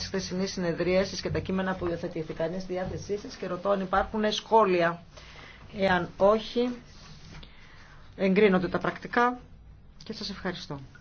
τη χθεσινή συνεδρίαση και τα κείμενα που υιοθετήθηκαν. στη διάθεσή σα και ρωτώ αν υπάρχουν σχόλια. Εάν όχι, εγκρίνονται τα πρακτικά και σας ευχαριστώ.